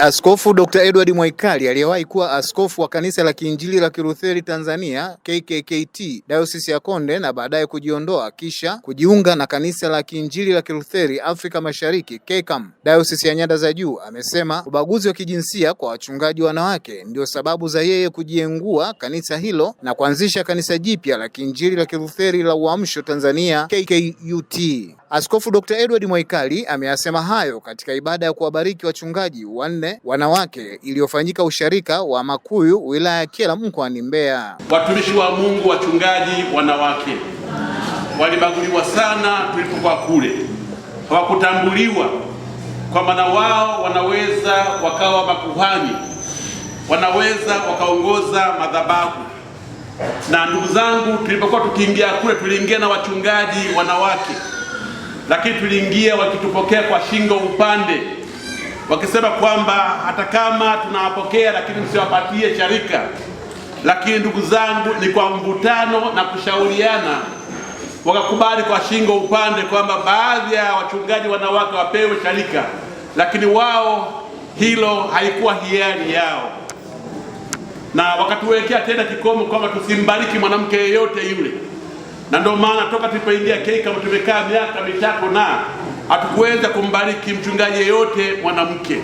Askofu Dr. Edward Mwaikali aliyewahi kuwa askofu wa Kanisa la Kiinjili la Kilutheri Tanzania KKKT Dayosisi ya Konde na baadaye kujiondoa kisha kujiunga na Kanisa la Kiinjili la Kilutheri Afrika Mashariki KKAM Dayosisi ya Nyanda za Juu amesema ubaguzi wa kijinsia kwa wachungaji wanawake ndio sababu za yeye kujiengua kanisa hilo na kuanzisha kanisa jipya la Kiinjili la Kilutheri la Uamsho Tanzania KKUT. Askofu Dr. Edward Mwaikali ameyasema hayo katika ibada ya kuwabariki wachungaji wanne wanawake iliyofanyika usharika wa Makuyu wilaya ya Kyela mkoani Mbeya. Watumishi wa Mungu, wachungaji wanawake walibaguliwa sana tulipokuwa kule, hawakutambuliwa kwa maana wao wanaweza wakawa makuhani, wanaweza wakaongoza madhabahu. Na ndugu zangu, tulipokuwa tukiingia kule, tuliingia na wachungaji wanawake lakini tuliingia wakitupokea kwa shingo upande, wakisema kwamba hata kama tunawapokea lakini msiwapatie sharika. Lakini ndugu zangu, ni kwa mvutano na kushauriana wakakubali kwa shingo upande kwamba baadhi ya wachungaji wanawake wapewe sharika, lakini wao hilo haikuwa hiari yao, na wakatuwekea tena kikomo kwamba tusimbariki mwanamke yeyote yule na ndio maana toka tulipoingia kama tumekaa miaka mitatu na hatukuweza kumbariki mchungaji yeyote mwanamke,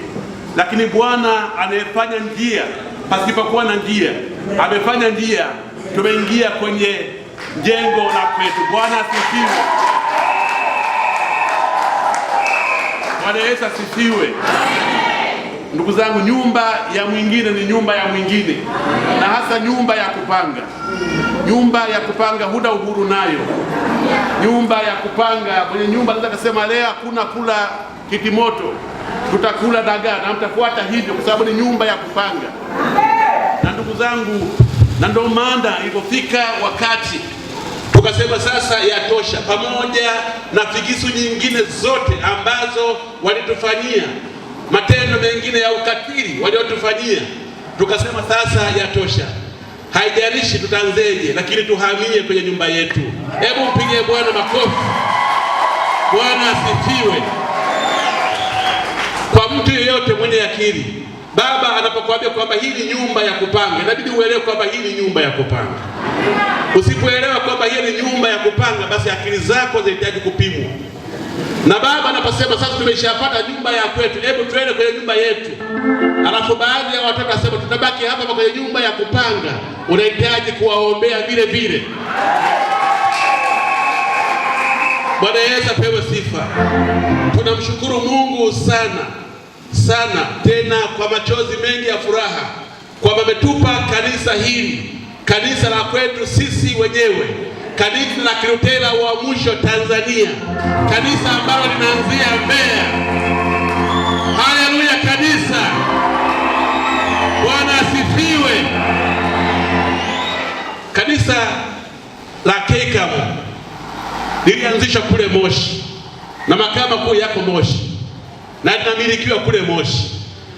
lakini Bwana anayefanya njia pasipokuwa na njia amefanya njia, tumeingia kwenye jengo la kwetu. Bwana asifiwe, Bwana Yesu asifiwe. Ndugu zangu, nyumba ya mwingine ni nyumba ya mwingine, na hasa nyumba ya kupanga Nyumba ya kupanga huna uhuru nayo, nyumba ya kupanga kwenye nyumba naweza kusema leo hakuna kula kitimoto, tutakula dagaa na mtafuata hivyo, kwa sababu ni nyumba ya kupanga. Na ndugu zangu, na ndio maana ilipofika wakati tukasema sasa yatosha, pamoja na figisu nyingine zote ambazo walitufanyia, matendo mengine ya ukatili waliotufanyia, tukasema sasa yatosha haijalishi tutanzeje lakini tuhamie kwenye nyumba yetu. Hebu mpige Bwana makofi. Bwana asifiwe. Kwa mtu yeyote mwenye akili, baba anapokuambia kwamba hii ni nyumba ya kupanga, inabidi uelewe kwamba hii ni nyumba ya kupanga. Usipoelewa kwamba hii ni nyumba ya kupanga, basi akili zako zinahitaji kupimwa. Na baba anaposema sasa tumeshapata nyumba ya kwetu, hebu tuende kwenye nyumba yetu. Alafu baadhi ya watoto wasema tutabaki hapa kwenye nyumba ya kupanga unahitaji kuwaombea vile vile. Bwana Yesu apewe sifa. Tunamshukuru Mungu sana sana tena kwa machozi mengi ya furaha kwamba ametupa kanisa hili, kanisa la kwetu sisi wenyewe, kanisa la Kilutela wa mwisho Tanzania, kanisa ambalo linaanzia Mbeya. Haleluya kanisa Kanisa la KCAM lilianzishwa kule Moshi na makao makuu yako Moshi na linamilikiwa kule Moshi,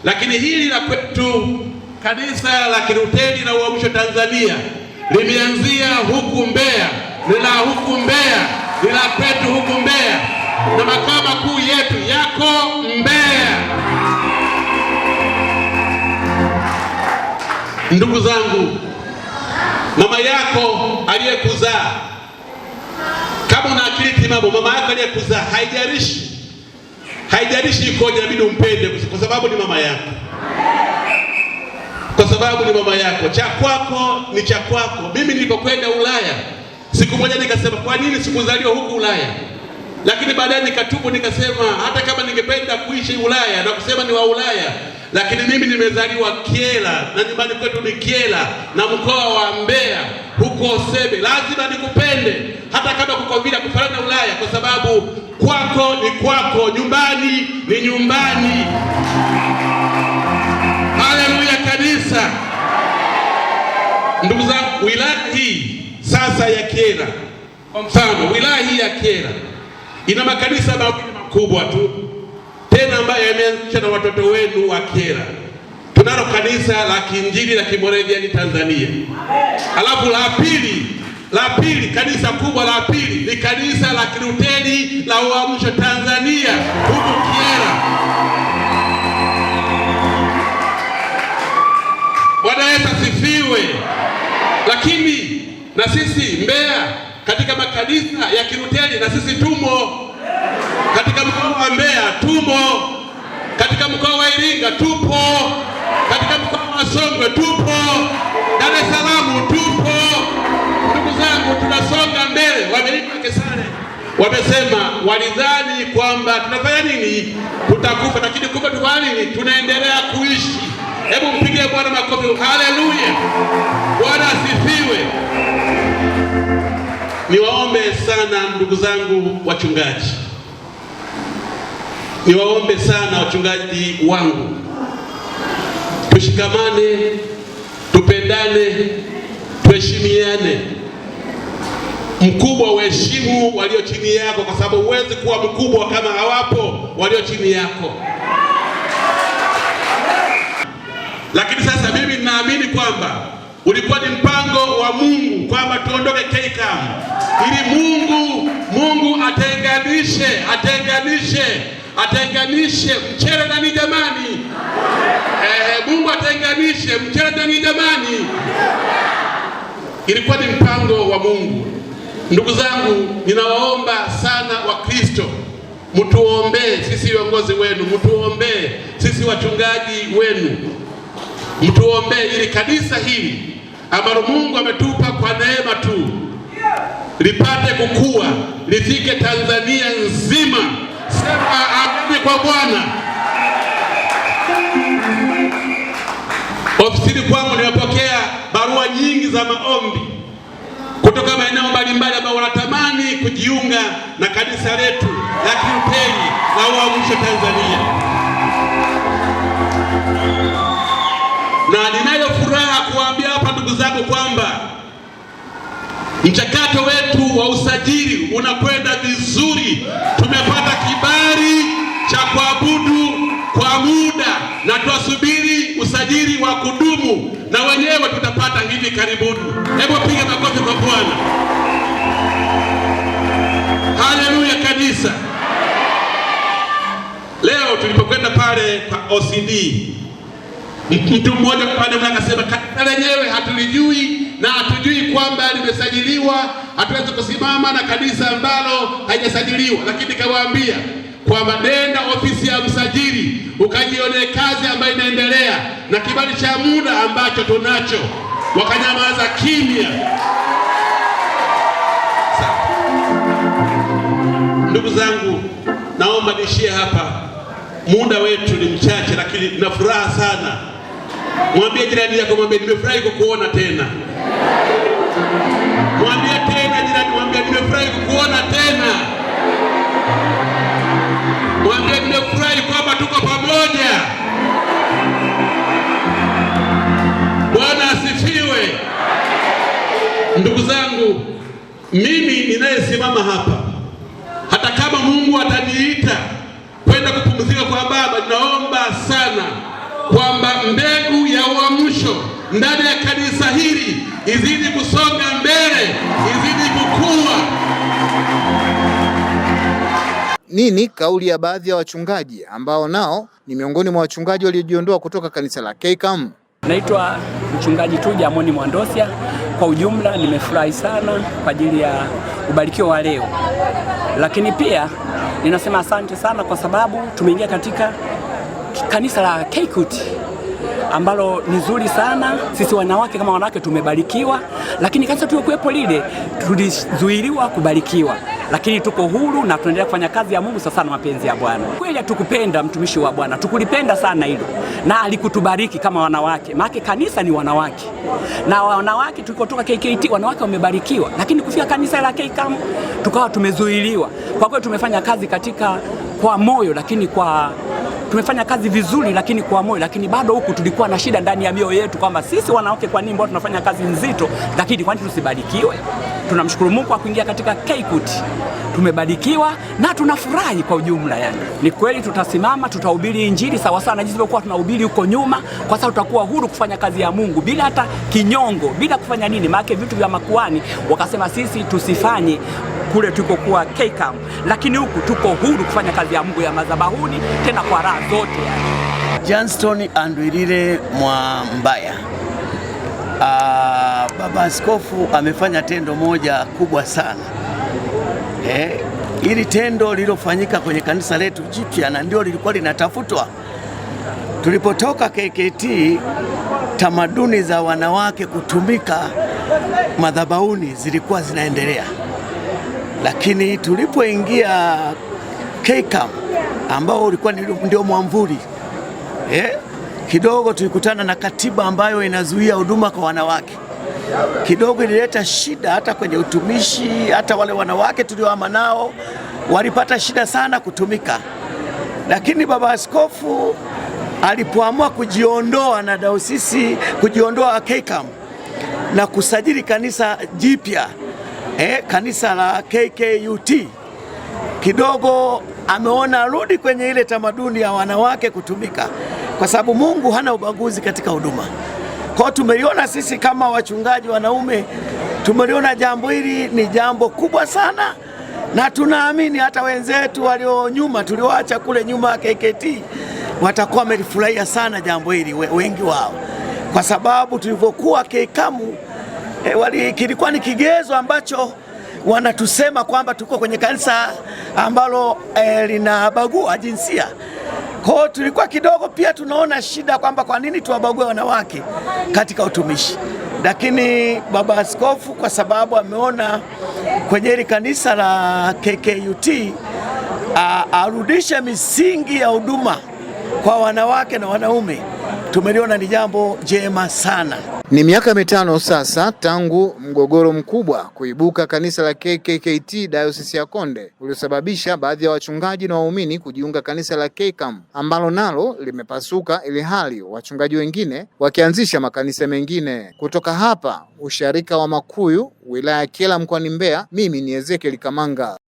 lakini hili la kwetu kanisa la Kiluteri la Uamsho Tanzania limeanzia huku Mbeya, ni la huku Mbeya, ni la kwetu huku Mbeya, na makao makuu yetu yako Mbeya. Ndugu zangu mama yako aliyekuzaa, kama una akili timamu, mama yako aliyekuzaa, haijalishi haijalishi ikoje, inabidi umpende, kwa sababu ni mama yako, kwa sababu ni mama yako. Cha kwako ni cha kwako. Mimi nilipokwenda Ulaya siku moja nikasema, kwa nini sikuzaliwa huku Ulaya? lakini baadaye nikatubu nikasema, hata kama ningependa kuishi Ulaya na kusema ni wa Ulaya, lakini mimi nimezaliwa Kyela na nyumbani kwetu ni Kyela na mkoa wa Mbeya huko Osebe, lazima nikupende hata kama kuko vile kufanana Ulaya, kwa sababu kwako ni kwako, nyumbani ni nyumbani. Haleluya kanisa. Ndugu zangu, wilaya hii sasa ya Kyela, kwa mfano wilaya hii ya Kyela ina makanisa mawili makubwa tu tena ambayo yameanzisha na watoto wenu wa Kyela. Tunalo kanisa la Kiinjili la Kimoraviani Tanzania, alafu la pili la pili kanisa kubwa la pili ni kanisa la Kiluteri la Uamsho Tanzania huko Kyela. Bwana Yesu asifiwe. Lakini na sisi Mbeya katika makanisa ya Kiruteli na sisi tumo, katika mkoa wa Mbeya tumo, katika mkoa wa Iringa tupo, katika mkoa wa Songwe tupo, Dar es Salaam tupo. Ndugu zangu, tunasonga mbele. Wamiliki wa Kesare wamesema walidhani kwamba tunafanya nini, tutakufa, lakini kumbe tunafanya nini? Tunaendelea kuishi. Hebu mpigie Bwana makofi. Haleluya! Bwana asifiwe. Niwaombe sana ndugu zangu wachungaji, niwaombe sana wachungaji wangu, tushikamane, tupendane, tuheshimiane. Mkubwa uheshimu walio chini yako, kwa sababu huwezi kuwa mkubwa kama hawapo walio chini yako. Lakini sasa mimi ninaamini kwamba ulikuwa ni mpango wa Mungu kwamba tuondoke KCAM ili Mungu Mungu atenganishe atenganishe atenganishe mchele na jamani, eh, Mungu atenganishe mchele na jamani. Ilikuwa ni mpango wa Mungu. Ndugu zangu, ninawaomba sana wa kristo mtuombee sisi viongozi wenu, mtuombee sisi wachungaji wenu, mtuombee ili kanisa hili ambalo Mungu ametupa kwa neema tu lipate kukua lifike Tanzania nzima. Sema amini kwa Bwana. Ofisini kwangu nimepokea barua nyingi za maombi kutoka maeneo mbalimbali ambao wanatamani kujiunga na kanisa letu la Kilutheri la Uamsho Tanzania, na ninayo furaha kuwaambia hapa ndugu zangu kwamba Mchakato wetu wa usajili unakwenda vizuri. Tumepata kibali cha kuabudu kwa muda na twasubiri usajili wa kudumu, na wenyewe tutapata hivi karibuni. Hebu piga makofi kwa Bwana. Haleluya kanisa. Leo tulipokwenda pale kwa OCD, mtu mmoja pale mna akasema kanisa lenyewe hatulijui na hatujui kwamba limesajiliwa. Hatuwezi kusimama na kanisa ambalo haijasajiliwa, lakini kawaambia kwamba nenda ofisi ya msajili ukajionee kazi ambayo inaendelea na kibali cha muda ambacho tunacho. Wakanyamaza kimya. Ndugu zangu, naomba niishie hapa, muda wetu ni mchache, lakini na furaha sana. Mwambie jirani yako, mwambie nimefurahi kukuona tena. Mwambie tena jirani, mwambie nimefurahi kukuona tena. Mwambie nimefurahi kwamba tuko pamoja. Bwana asifiwe. Ndugu zangu, mimi ninayesimama hapa, hata kama Mungu ataniita kwenda kupumzika kwa Baba, ninaomba sana kwamba mbegu ya uamsho ndani ya kanisa hili izidi kusonga mbele, izidi kukua. Nini kauli ya baadhi ya wachungaji ambao nao ni miongoni mwa wachungaji waliojiondoa kutoka kanisa la KCAM. Naitwa mchungaji tu Jamoni Mwandosia. Kwa ujumla nimefurahi sana kwa ajili ya ubarikio wa leo, lakini pia ninasema asante sana kwa sababu tumeingia katika kanisa la KKUT ambalo ni zuri sana. Sisi wanawake kama wanawake tumebarikiwa, lakini kanisa tuliokuwepo lile tulizuiliwa kubarikiwa lakini tuko huru na tunaendelea kufanya kazi ya Mungu sasa na mapenzi ya Bwana. Kweli hatukupenda mtumishi wa Bwana, tukulipenda sana hilo, na alikutubariki kama wanawake, maana kanisa ni wanawake na wanawake. Tulikotoka KKT wanawake wamebarikiwa, lakini kufika kanisa la KKM tukawa tumezuiliwa. Kwa kweli tumefanya kazi katika kwa moyo, lakini kwa tumefanya kazi vizuri, lakini kwa moyo, lakini bado huku tulikuwa na shida ndani ya mioyo yetu kwamba sisi wanawake, kwa nini mbona tunafanya kazi nzito, lakini kwa nini tusibarikiwe? Tunamshukuru Mungu kwa kuingia katika KKUT tumebarikiwa na tunafurahi kwa ujumla. Yani ni kweli, tutasimama tutahubiri injili sawa sawa na jinsi tulivyokuwa tunahubiri huko nyuma. Kwa sababu tutakuwa huru kufanya kazi ya Mungu bila hata kinyongo, bila kufanya nini, maana vitu vya makuani wakasema sisi tusifanye kule tulikokuwa KCAM, lakini huku tuko huru kufanya kazi ya Mungu ya madhabahuni, tena kwa raha zote. Johnston Andwilile Mwambaya. Uh, baba askofu amefanya tendo moja kubwa sana eh, ili tendo lililofanyika kwenye kanisa letu jipya na ndio lilikuwa linatafutwa. Tulipotoka KKT, tamaduni za wanawake kutumika madhabahuni zilikuwa zinaendelea lakini tulipoingia KCAM ambao ulikuwa ndio mwamvuli eh, kidogo tulikutana na katiba ambayo inazuia huduma kwa wanawake, kidogo ilileta shida hata kwenye utumishi. Hata wale wanawake tulioama nao walipata shida sana kutumika, lakini baba askofu alipoamua kujiondoa na dayosisi, kujiondoa KCAM na kusajili kanisa jipya eh, kanisa la KKUT kidogo ameona rudi kwenye ile tamaduni ya wanawake kutumika, kwa sababu Mungu hana ubaguzi katika huduma. Kwa tumeliona sisi kama wachungaji wanaume, tumeliona jambo hili ni jambo kubwa sana, na tunaamini hata wenzetu walio nyuma, tulioacha kule nyuma KKT, watakuwa wamelifurahia sana jambo hili, wengi wao, kwa sababu tulivyokuwa keikamu e, wali, kilikuwa ni kigezo ambacho wanatusema kwamba tuko kwenye kanisa ambalo e, eh, linabagua jinsia. Kwa hiyo tulikuwa kidogo pia tunaona shida kwamba kwa nini tuwabague wanawake katika utumishi, lakini baba askofu kwa sababu ameona kwenye hili kanisa la KKUT arudishe misingi ya huduma kwa wanawake na wanaume tumeliona ni jambo jema sana. Ni miaka mitano sasa tangu mgogoro mkubwa kuibuka kanisa la KKKT Dayosisi ya Konde uliosababisha baadhi ya wachungaji na waumini kujiunga kanisa la KCAM ambalo nalo limepasuka, ili hali wachungaji wengine wakianzisha makanisa mengine. Kutoka hapa usharika wa Makuyu wilaya ya Kyela mkoani Mbeya, mimi ni Ezekiel Kamanga.